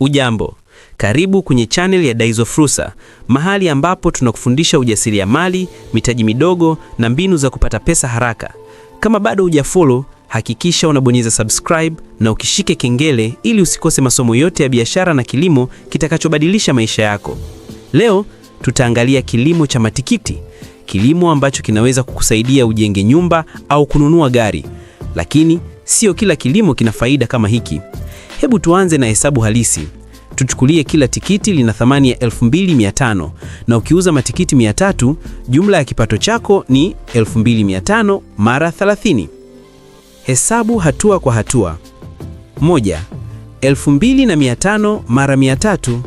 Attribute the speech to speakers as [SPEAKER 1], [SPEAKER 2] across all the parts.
[SPEAKER 1] Ujambo, karibu kwenye channel ya Daizo Fursa, mahali ambapo tunakufundisha ujasiriamali, mitaji midogo na mbinu za kupata pesa haraka. Kama bado hujafollow, hakikisha unabonyeza subscribe na ukishike kengele ili usikose masomo yote ya biashara na kilimo kitakachobadilisha maisha yako. Leo tutaangalia kilimo cha matikiti, kilimo ambacho kinaweza kukusaidia ujenge nyumba au kununua gari. Lakini sio kila kilimo kina faida kama hiki. Hebu tuanze na hesabu halisi. Tuchukulie kila tikiti lina thamani ya 2500 na ukiuza matikiti 300, jumla ya kipato chako ni 2500 mara 30. Hesabu hatua kwa hatua. Moja, 2500 mara 300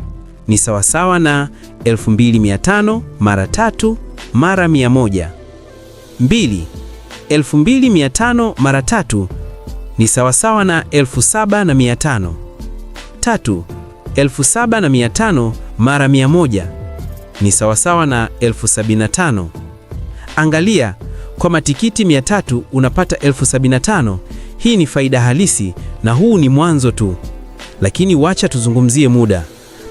[SPEAKER 1] ni sawasawa na 2500 mara 3 mara 100. Mbili, 2500 mara 3 ni sawasawa na elfu na Tatu, 7500 mara 100 ni sawasawa na elfu na Angalia, kwa matikiti 300 unapata elfu Hii ni faida halisi na huu ni mwanzo tu, lakini wacha tuzungumzie muda.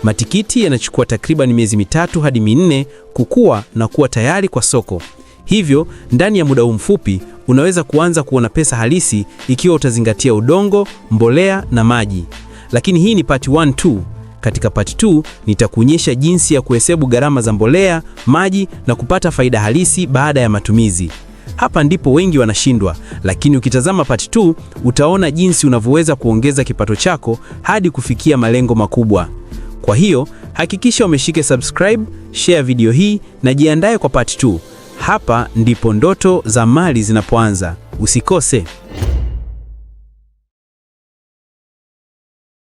[SPEAKER 1] Matikiti yanachukua takriban miezi mitatu hadi minne kukua na kuwa tayari kwa soko. Hivyo, ndani ya muda huu mfupi unaweza kuanza kuona pesa halisi ikiwa utazingatia udongo, mbolea na maji. Lakini hii ni part 1 tu. Katika part 2 nitakuonyesha jinsi ya kuhesabu gharama za mbolea, maji na kupata faida halisi baada ya matumizi. Hapa ndipo wengi wanashindwa, lakini ukitazama part 2 utaona jinsi unavyoweza kuongeza kipato chako hadi kufikia malengo makubwa. Kwa hiyo hakikisha umeshike subscribe, share video hii na jiandae kwa part 2. Hapa ndipo ndoto za mali zinapoanza. Usikose.